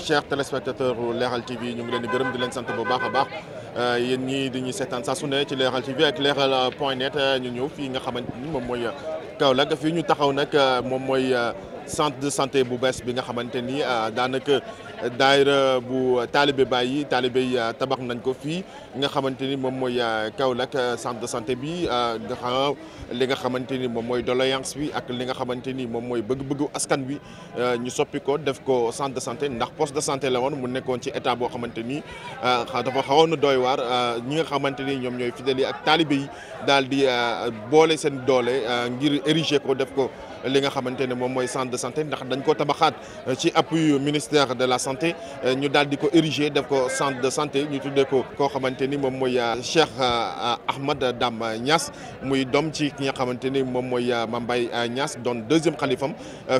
chers téléspectateurs Leral TV ñu ngi leen di gërëm di leen sant bu baax a baax eh, yéen ñii di ñu seetaan saa su ne ci Leral TV ak Leral eh, point net eh, ñu ñëw fii nga xamante ni moom mooy kaw Kaolack fii ñu taxaw nag moom mooy centre de santé bu bees bi nga xamante ni daanaka. daayira bu taalibe Baay yi taalibe yi euh, tabax nañ ko fii nga xamante ni moom mooy euh, Kaolack euh, centre de santé bi nga xam li nga xamante ni moom mooy doléance bi ak li nga xamante ni moom mooy bëgg-bëggu askan bi ñu soppi ko def ko centre de santé ndax poste de santé la woon mu nekkoon ci état boo xamante ni dafa xawoon a doy waar ñi nga xamante ni ñoom ñooy fidèles yi ak taalibe yi daal di boole seen doole ngir ériger ko def ko. li nga xamante ne moom mooy centre de santé ndax dañ ko tabaxaat euh, ci appui ministère de la santé euh, ñu daal di ko érigé def ko centre de santé ñu tuddee ko koo xamante ni moom mooy euh, Cheikh Ahmad Dam Niass muy doom ci ki nga xamante ni moom mooy Mambay Niass doon deuxième xalifam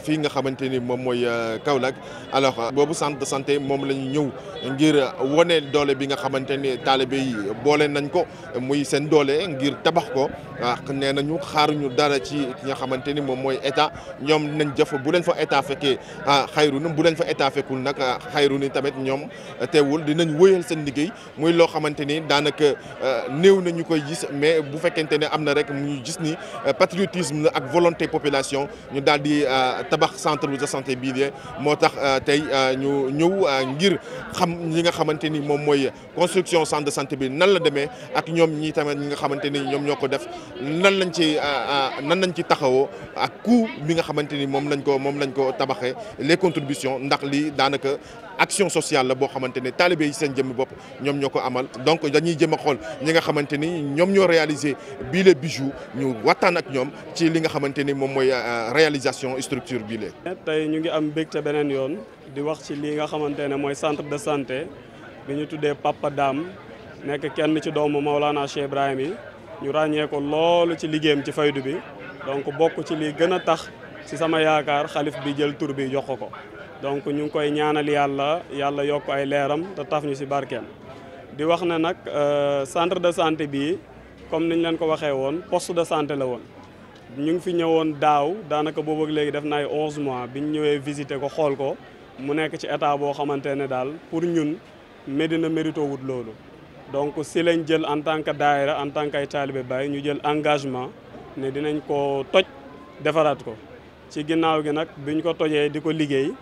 fii nga xamante ni moom mooy Kaolack alors boobu centre de santé moom la ñu ñëw ngir wone doole bi nga xamante ni taalibe yi boole nañ ko muy seen doole ngir tabax ko nee nañu xaaruñu dara ci nga xamante ni moom mooy état ñoom dinañ jëf bu leen fa état fekkee ah, xayrun bu leen fa état fekkul nag ah, xayrun tamit ñoom ah, teewul dinañ wëyal seen liggéey muy loo xamante ni daanaka néew na ñu koy gis mais bu fekkente ne am na rek ñu gis ni patriotisme ak volonté population ñu daal di tabax centre de santé bii de moo tax tey ñu ñëw ngir xam ñi nga xamante ni moom mooy construction centre de santé bi nan la demee ak ñoom ñi tamit ñi nga xamante ni ñoom ñoo ko def nan lañ ci nan lañ ci taxawoo ak coût tout nga xamante ni moom lañ ko moom lañ ko tabaxee les contributions ndax lii daanaka action sociale la boo xamante ne taalibe yi seen jëmm bopp ñoom ñoo ko amal donc dañuy jëm a xool ñi nga xamante ni ñoom ñoo réaliser bile le bijou ñu waxtaan ak ñoom ci li nga xamante ni moom mooy euh, réalisation structure bii la. tey ñu ngi am mbégte beneen yoon di wax ci li nga xamante ne mooy centre de santé bi ñu tuddee Papa Dame nekk kenn ci doomu Maolana Cheikh Ibrahim yi ñu ràññee ko ci liggéeyam ci faydu bi. donc bokk ci lii gën a tax ci sama yaakaar xalif bi jël tur bi jox ko ko donc ñu ngi koy ñaanal yàlla yàlla yokk ay leeram te taf ñu ci barkeem di wax na nag euh, centre de santé bii comme ñu leen ko waxee woon poste de santé la woon ñu ngi fi ñëwoon daaw daanaka boobu ak léegi def na ay 11 mois bi ñu ñëwee visiter ko xool ko mu nekk ci état boo xamante ne daal pour ñun Médina mérito wut loolu donc si lañ jël en tant que daayira en tant que ay taalibe ñu jël engagement ne dinañ ko toj defaraat ko ci ginnaaw gi nag biñ ko tojee di ko liggéey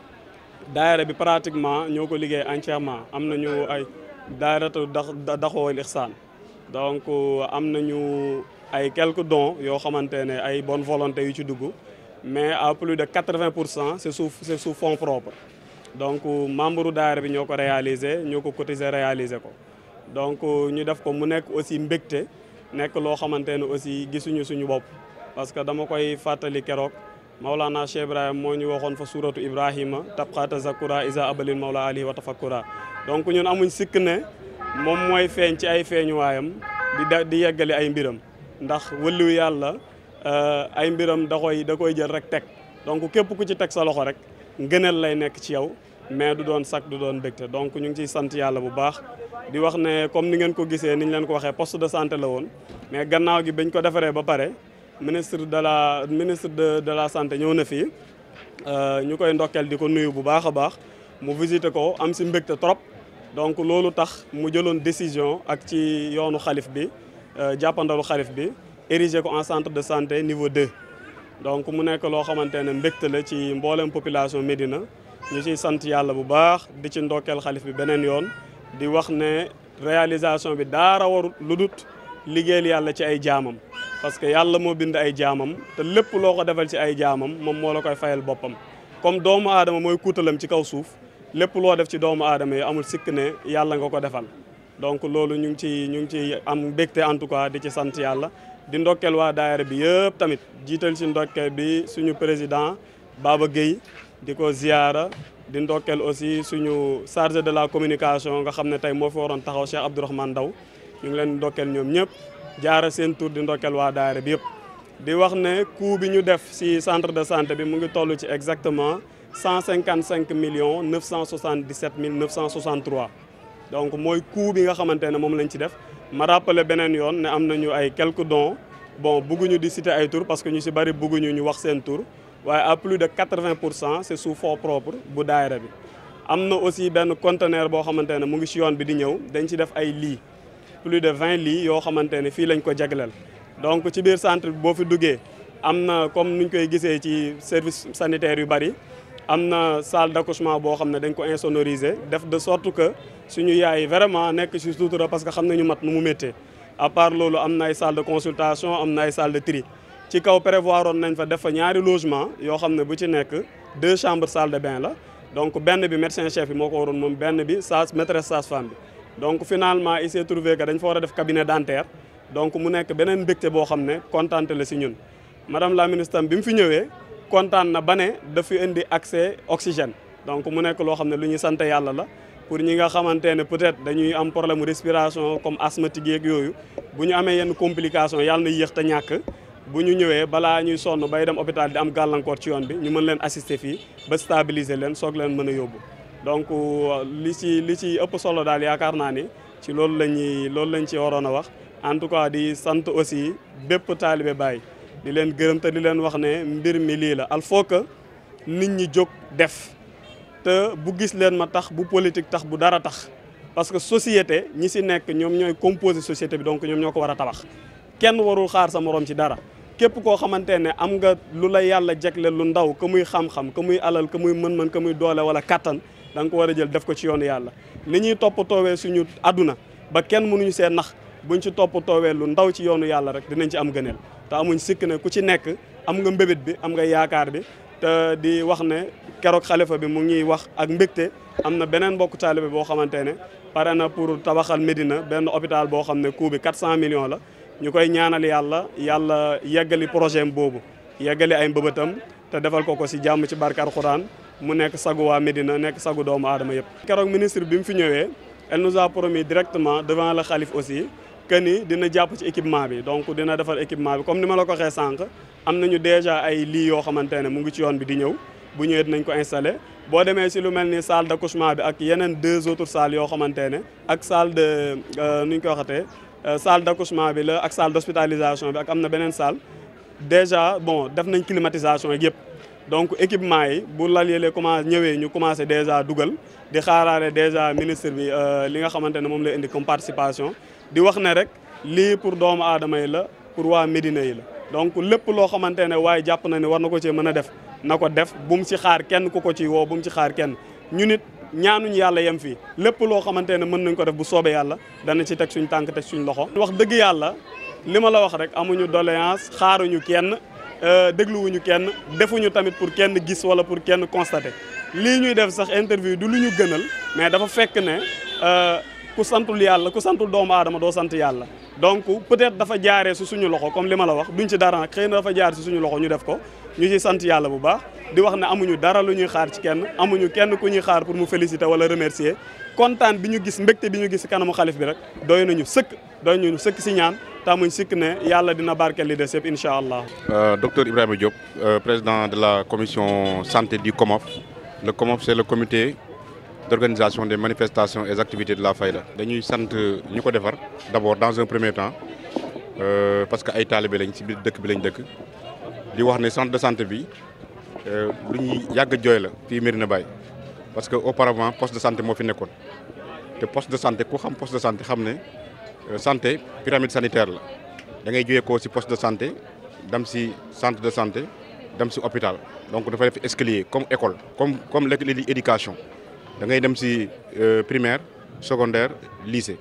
daayira bi pratiquement ñoo ko liggéey entièrement am nañu ay daayiratu Dakhawal Ihsan donc am nañu ay quelques dons yoo xamante ne ay bonne volonté yu ci dugg mais à plus de quatre-vingt pour cent c'est sous c'est sous fonds propres donc membre daayira bi ñoo ko réaliser ñoo ko cotiser réaliser ko donc ñu def ko mu nekk aussi mbégte nekk loo xamante ne aussi gisuñu suñu bopp parce que dama koy fàttali keroog Maulana Cheikh Ibrahim moo ñu waxoon fa suuratu Ibrahima tabqa tazakura isa abalil Maula ali wa tafakkura donc ñun amuñ sikk ne moom mooy feeñ ci ay feeñuwaayam di di yeggale ay mbiram ndax wëllu yàlla eh, ay mbiram da koy da koy jël rek teg donc képp ku ci teg sa loxo rek ngëneel lay nekk ci yow mais du doon sac du doon dëgte donc ñu ngi ciy sant yàlla bu baax di wax ne comme ni ngeen ko gisee ni ñu leen ko waxee poste de santé la woon mais gannaaw gi bañ ko defaree ba pare ministre de la ministre de de la santé ñëw na fii euh, ñu koy ndokkeel di ko nuyu bu baax a baax mu visité ko am si mbégte trop donc loolu tax mu jëloon décision ak ci yoonu xalif bi euh, jàppandalu xalif bi érigé ko en centre de santé niveau 2 donc mu nekk loo xamante ne mbégte la ci mboolem population Médina ñu ciy sant yàlla bu baax di ci ndokkeel xalif bi beneen yoon di wax ne réalisation bi daara warut lu dut liggéeyal yàlla ci ay jaamam parce que yàlla moo bind ay jaamam te lépp loo ko defal ci ay jaamam moom moo la koy fayal boppam comme doomu aadama mooy kuutalam ci kaw suuf lépp loo def ci doomu aadama yi amul sikk ne yàlla nga ko defal donc loolu ñu ngi ci ñu ngi ci am mbégte en tout cas di ci sant yàlla di ndokkeel waa daayira bi yëpp tamit jiital ci ndokkeel bi suñu président baaba Guèye di ko ziyaara di ndokkeel aussi suñu chargé de la communication nga xam ne tey moo fi waroon taxaw Cheikh Abdourahmane Ndaw ñu ngi leen ndokkeel ñoom ñëpp jaara seen tur di ndokkeel waa daayira bi yëpp di wax ne coût bi ñu def ci centre de santé bi mu ngi toll ci exactement cent cinquante cinq millions neuf cent mille neuf cent soixante trois donc mooy coût bi nga xamante ne moom lañ ci def ma beneen yoon ne am nañu ay quelques dons bon bëgguñu di citer ay tur parce que ñu ci bari bëgguñu ñu wax seen tur waaye à plus de quatre-vingt pour cent c'est sous fonds propres bu daayira bi am na aussi benn conteneur boo xamante ne mu ngi si yoon bi di ñëw dañ ci def ay lii plus de vingt lii yoo xamante ne fii lañ ko jagleel donc ci biir centre bi boo fi duggee am na comme ñu koy gisee ci service sanitaire yu bari am na salle d'accouchement boo xam ne dañ ko insonorisé def de sorte que suñu yaay vraiment nekk ci sutura parce que xam nañu mat nu mu méttee à part loolu am na ay salle consultation am na ay salle de ci kaw prévoir oon nañ fa def fa ñaari logement yoo xam ne bu ci nekk deux chambres salle de bain la donc benn bi médecin chef bi moo ko waroon moom benn bi sage maîtresse sage-femme bi donc finalement il s'est trouvé que dañ fa war a def cabinet dentaire donc mu nekk beneen mbégte boo xam ne kontante la si ñun madame la ministre bi mu fi ñëwee kontaan na ba ne dafa indi accès oxygène donc mu nekk loo xam ne lu ñuy sant yàlla la pour ñi nga xamante ne peut-être dañuy am problème respiration comme asthmatique yeeg yooyu bu ñu amee yenn complication yàlla yéex te ñàkk bu ñu ñëwee balaa ñuy sonn bay dem hôpital di am gàllankoor ci yoon bi ñu mën leen assister fii ba stabiliser leen soog leen mën a yóbbu donc li ci li ci ëpp solo daal yaakaar naa ni ci loolu la ñuy loolu lañ ci waroon a wax en tout cas di sant aussi bépp taalibe Baay di leen gërëm te di leen wax ne mbir mi lii la il faut que nit ñi jóg def te bu gis leen ma tax bu politique tax bu dara tax parce que société ñi si nekk ñoom ñooy composé société bi donc ñoom ñoo ko war a tabax kenn warul xaar sa moroom ci dara képp koo xamante ne am nga lu la yàlla jegle lu ndaw ka muy xam-xam ka muy alal ka muy mën man ka muy doole wala kattan da nga ko war a jël def ko ci yoonu yàlla li toowee su suñu àdduna ba kenn mënuñu see nax buñ ci toowee lu ndaw ci yoonu yàlla rek dinañ ci am gëneel te amuñ sikk ne ku ci nekk am nga mbébét bi am nga yaakaar bi te di wax ne keroog xalifa bi mu ngi wax ak mbégte am na beneen mbokk taalibe boo xamante ne pare na pour tabaxal Médina benn hôpital boo xam ne coût bi 400 millions la ñu koy ñaanal yàlla yàlla yeggali projet am boobu yeggali ay mbëbëtam te defal ko ko si jàmm ci barke alxuraan mu nekk sagu waa Médina nekk sagu doomu aadama yëpp. keroog ministre bi mu fi ñëwee elle nous a promis directement devant le xalif aussi que ni dina jàpp ci équipement bi donc dina defal équipement bi comme ni ma la ko waxee sànq am nañu déjà ay lii yoo xamante ne mu ngi ci yoon bi di ñëw bu ñëwee dinañ ko installé. boo demee si lu mel ni sal d'accouchement bi ak yeneen deux autres salles yoo xamante ne ak salle de euh, nu ñu koy waxatee. Euh, salle d'accouchement bi la ak salle d'hospitalisation bi ak am na beneen salle déjà bon def nañ climatisation yëpp donc équipement yi bu lal yële commencé ñëwee ñu commencé déjà dugal di xaaraale déjà ministre bi euh, li nga xamante ne moom lay indi comme participation di wax na rek lii pour doomu aadama yi la pour waa Médina yi la donc lépp loo xamante ne waaye jàpp na ne war na ko cee mën a def na ko def bu mu ci xaar kenn ku ko ci woo bu ci xaar kenn ñu nit ñaanuñ yàlla yem fii lépp loo xamante ne mën nañ ko def bu soobee yàlla dana ci teg suñu tànk teg suñ loxo. wax dëgg yàlla li ma la wax rek amuñu doléance xaaruñu kenn euh, dégluwuñu kenn defuñu tamit pour kenn gis wala pour kenn constater lii ñuy def sax interview du lu ñu gënal mais dafa fekk ne euh, ku santul yàlla ku santul doomu aadama doo sant yàlla. donc peut-être dafa jaaree si suñu loxo comme li ma la wax duñ ci dara nag xëy dafa jaar si suñu loxo ñu def ko. ñu ci sant yàlla bu baax di wax ne amuñu dara lu ñuy xaar ci kenn amuñu kenn ku ñuy xaar pour mu féliciter wala remercier kontaan bi ñu gis mbégte bi ñu gis kanamu xalif bi rek doy nañu sëkk doy ñu sëkk ci ñaan tamuñ sikk ne yàlla dina barkeel li des yëpp allah allah. Euh, docteur Ibrahima Diop euh, président de la commission santé di COMOF le COMOF c'est le comité d'organisation des manifestations et activités de la Fayda dañuy sant ñu ko defar d'abord dans un premier temps euh, parce que ay taalibe lañ ci biir dëkk bi lañ dëkk. di wax ne centre de santé bi euh, lu ñuy yàgg jooy la fii Médina Baye parce que auparavant poste de santé moo fi nekkoon te poste de santé ku xam poste de santé xam ne euh, santé pyramide sanitaire la da ngay jógee koo si poste de santé dem si centre de santé dem si hôpital donc dafa def escalier comme école comme comme léegi éducation da ngay dem si euh, primaire secondaire lycée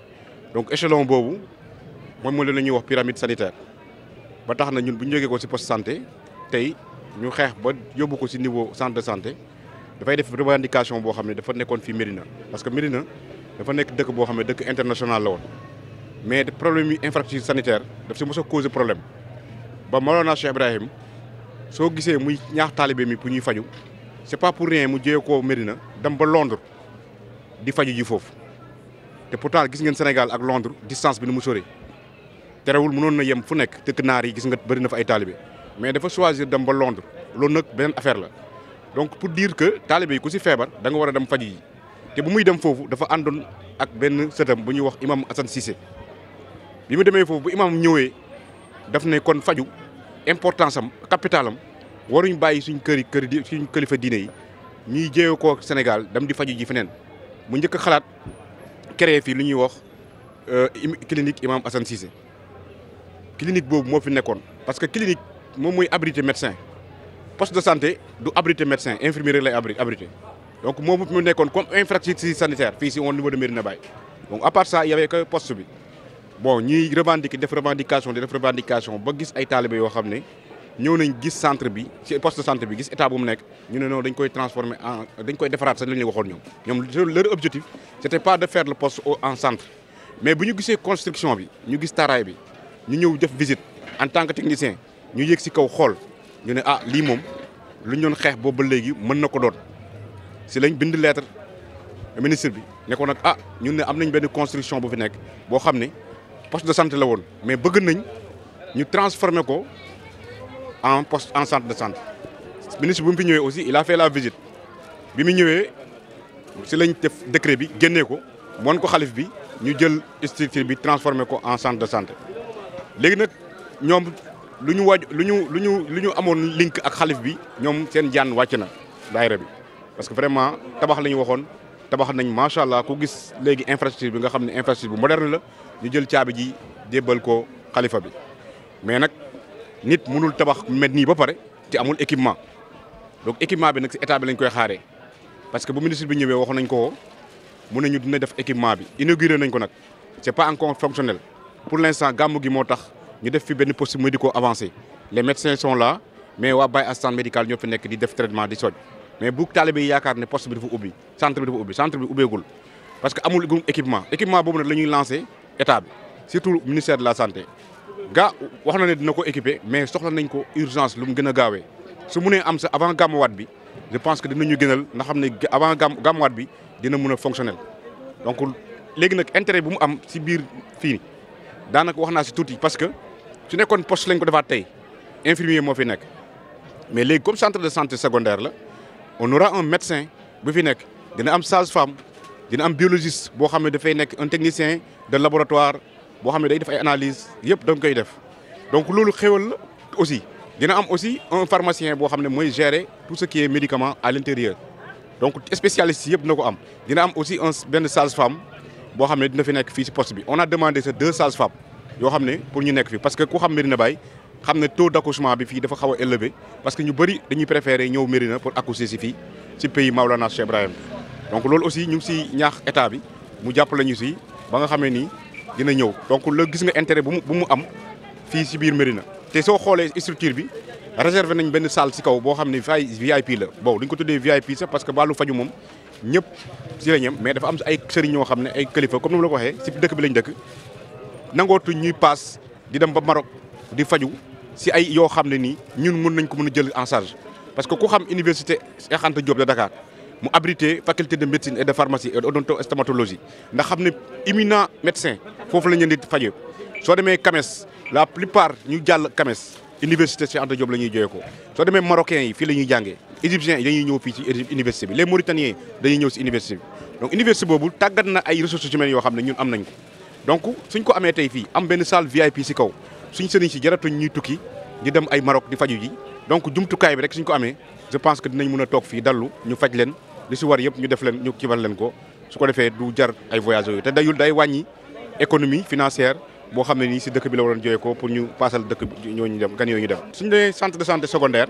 donc échelon boobu moom mooy la ñuy wax pyramide sanitaire ba tax na ñun bu ñu jógee ko si poste santé tey ñu xeex ba yóbbu ko ci niveau centre de santé dafay def revendication boo xam ne dafa nekkoon fii Médina parce que mérina dafa nekk dëkk boo xam ne dëkk international la woon mais problème yi infrastructure sanitaire daf si mos a problème ba Mawlana Cheikh Ibrahim soo gisee muy ñaax taalibe mi pour ñuy faju c'est pas pour rien mu jëyee koo Médina dem ba Londres di faju ji foofu te taal gis ngeen Sénégal ak Londres distance bi nu mu sori terewul mënoon na yem fu nekk dëkk naar yi gis nga bëri na fa ay taalibe mais dafa choisir dem ba Londres loolu nag beneen affaire la donc pour diir que taalibe yi ku si feebar da nga war a dem faj yi te bu muy dem foofu dafa àndoon ak benn sëtam bu ñuy wax imam Assane Cissé bi mu demee foofu bu imam ñëwee daf ne faju importance am capital am waruñ bàyyi suñ këri këri di suñ kilifa diine yi ñuy jéewe koo Sénégal dem di faju ji feneen mu njëkk a xalaat créé fii lu ñuy wax euh, clinique imam Assane Cissé clinique boobu moo fi nekkoon parce que clinique moom mooy abrité médecin poste de santé du abrité médecin infirmier la abri abrité donc moom mu nekkoon comme infrastructure sanitaire fii si au niveau de Médina Baye donc à part ça y avait que poste bi bon ñuy revendiquer def revendication def revendication ba gis ay taalibe yoo xam ne ñëw nañ gis centre bi ci poste de santé bi gis état bu mu nekk ñu ne non dañ koy transformer en dañ koy defaraat sax li ñu waxoon ñoom ñoom leur objectif c'était pas de faire le poste en centre mais bu ñu gisee construction bi ñu gis taraay bi ñu ñëw def visite en tant que technicien ñu yéeg si kaw xool ñu ne ah lii moom lu ñu doon xeex boobu ba léegi mën na ko doon si lañ bind lettre ministre bi ne ko nag ah ñun ne am nañ benn construction bu fi nekk boo xam ne poste de santé la woon mais bëgg nañ ñu transformer ko en poste en centre de santé ministre bu mu fi ñëwee aussi il a fait la visite bi mu ñëwee si lañ def décret bi génnee ko moon ko xalif bi ñu jël structure bi transformer ko en sante de santé léegi nag ñoom lu ñu waaj lu ñu lu ñu lu ñu amoon link ak xalif bi ñoom seen jaan wàcc na daayira bi parce que vraiment tabax la ñu waxoon tabax nañ macha allah ku gis léegi infrastructure bi nga xam ne infrastructure bu moderne la ñu jël caabi ji jébbal ko xalifa bi mais nag nit munul tabax mel nii ba pare te amul équipement donc équipement bi nag si état bi lañ koy xaaree parce que bu ministre bi ñëwee waxoon nañ ko mun ne ñu dina def équipement bi inauguré nañ ko nag c'est pas encore fonctionnel pour l'instant gàmmu gi moo tax ñu def fi benn poste médico avancé les médecins son la mais waa Baye assistante médicale ñoo fi nekk di def traitement di soj mais bu taalibe yi yaakaar ne poste bi dafa ubbi centre bi dafa ubbi centre bi ubbeegul parce que amul groupe équipement équipement boobu nag la lancé état bi surtout ministère de la santé gaa wax na ne dina ko équiper mais soxla nañ ko urgence lu mu gën a gaawee su munee am sa avant gàmmuwaat bi je pense que dinañu gënal nga xam ne avant gàmmuwaat bi dina mun a fonctionnel donc léegi nag intérêt bu mu am si biir fii daanaka wax naa si tuuti parce que su nekkoon poste lañ ko defaat tey infirmier moo fi nekk mais léegi comme centre de santé secondaire la on aura un médecin bu fi nekk dina am sage-femme dina am biologiste boo xam ne dafay nekk un technicien de boo xam ne day def ay analyse yëpp da nga koy def donc loolu xéwal la aussi dina am aussi un pharmacien boo xam ne mooy gérer tout ce qui est médicament à l'intérieur donc spécialiste yëpp dina ko am dina am aussi un benn sage-femme boo xam ne dina fi nekk fii ci poste bi on a demandé ces deux sages yoo xam ne pour ñu nekk fi parce que ku xam Médina Baye xam ne taux d' accouchement bi fii dafa xaw a élevé parce que ñu bëri dañuy préféré ñëw Médina pour accoucher si fii ci pays Maulana Cheikh Ibrahim donc loolu aussi ñu ngi si ñaax état bi mu jàppale ñu si ba nga xamee ni dina ñëw donc la gis nga intérêt bu mu bu mu am fii si biir Médina te soo xoolee structure bi réservé nañ benn salle si kaw boo xam ne fay VIP la boo dañ ko tuddee VIP sax parce que wàllu faju moom ñëpp si la ñem mais dafa am ay sëriñ ñoo xam ne ay kilifa comme ni la waxee si dëkk bi lañ dëkk nangootuñ ñuy paas di dem ba Maroc di faju si ay yoo xam ne nii ñun mun nañ ko mën a jël en charge parce que ku xam université Cheikh Anta Diop de Dakar mu abrité faculté de médecine et de pharmacie et odontostomatologie ndax xam ne éminent médecin foofu la ñu leen di fajee soo demee CAMES la plupart ñu jàll CAMES université Cheikh Anta Diop la ñuy jooyee ko soo demee marocains yi fii la ñuy jàngee égyptiens yi dañuy ñëw fii ci université bi les mauritaniens dañuy ñëw si université bi donc boobu tàggat na ay ressources humaines yoo xam ne ñun am nañ donc suñ ko amee tey fii am benn salle VIP si kaw suñ sëriñ si jaratuñ ñuy tukki di dem ay Maroc di faju ji donc jumtukaay bi rek suñ ko amee je pense que dinañ mun a toog fii dallu ñu faj leen li si war yëpp ñu def leen ñu kibal leen ko su ko defee du jar ay voyageurs yooyu te dayul day wàññi économie boo xam ne nii si dëkk bi la waroon jógee ko pour ñu paasal dëkk bi ñooñu dem gan yooyu ñu dem. suñu nee centre de santé secondaire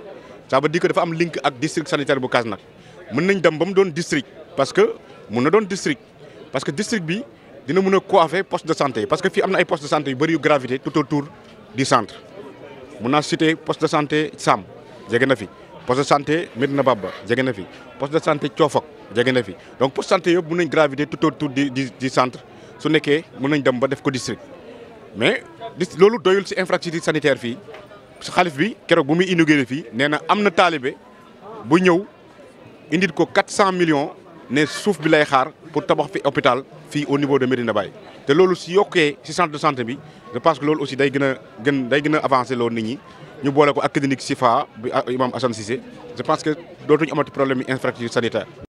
ça veut dire que dafa am link ak district sanitaire bu Kasnack mën nañ dem ba mu doon district parce que mun na doon district parce que district bi. dina mun a coiffer poste de santé parce que fii am na ay poste de santé yu bëri yu gravité tout autour du centre mun naa citer poste de santé Sam jege na fi poste de santé Medina Baba jege na fi poste de santé Coofok jege na fi donc poste de santé yëpp mun nañ gravité tout autour di du centre su nekkee mun nañ dem ba def ko district mais loolu doyul si infrastructure sanitaire fii xalif bi keroog bu muy inauguré fii nee na am na taalibe bu ñëw indil ko 400 millions. ne suuf bi lay xaar pour tabax fi hôpital fii au niveau de Medina Baye te loolu si yokkee si centre de santé bi je pense que loolu aussi day gën gën day gën a avancé loolu nit ñi ñu boole ko ak clinique Sifa bi ah, imam Assane Cissé je pense que dootuñu amati problème yi infrastructure sanitaire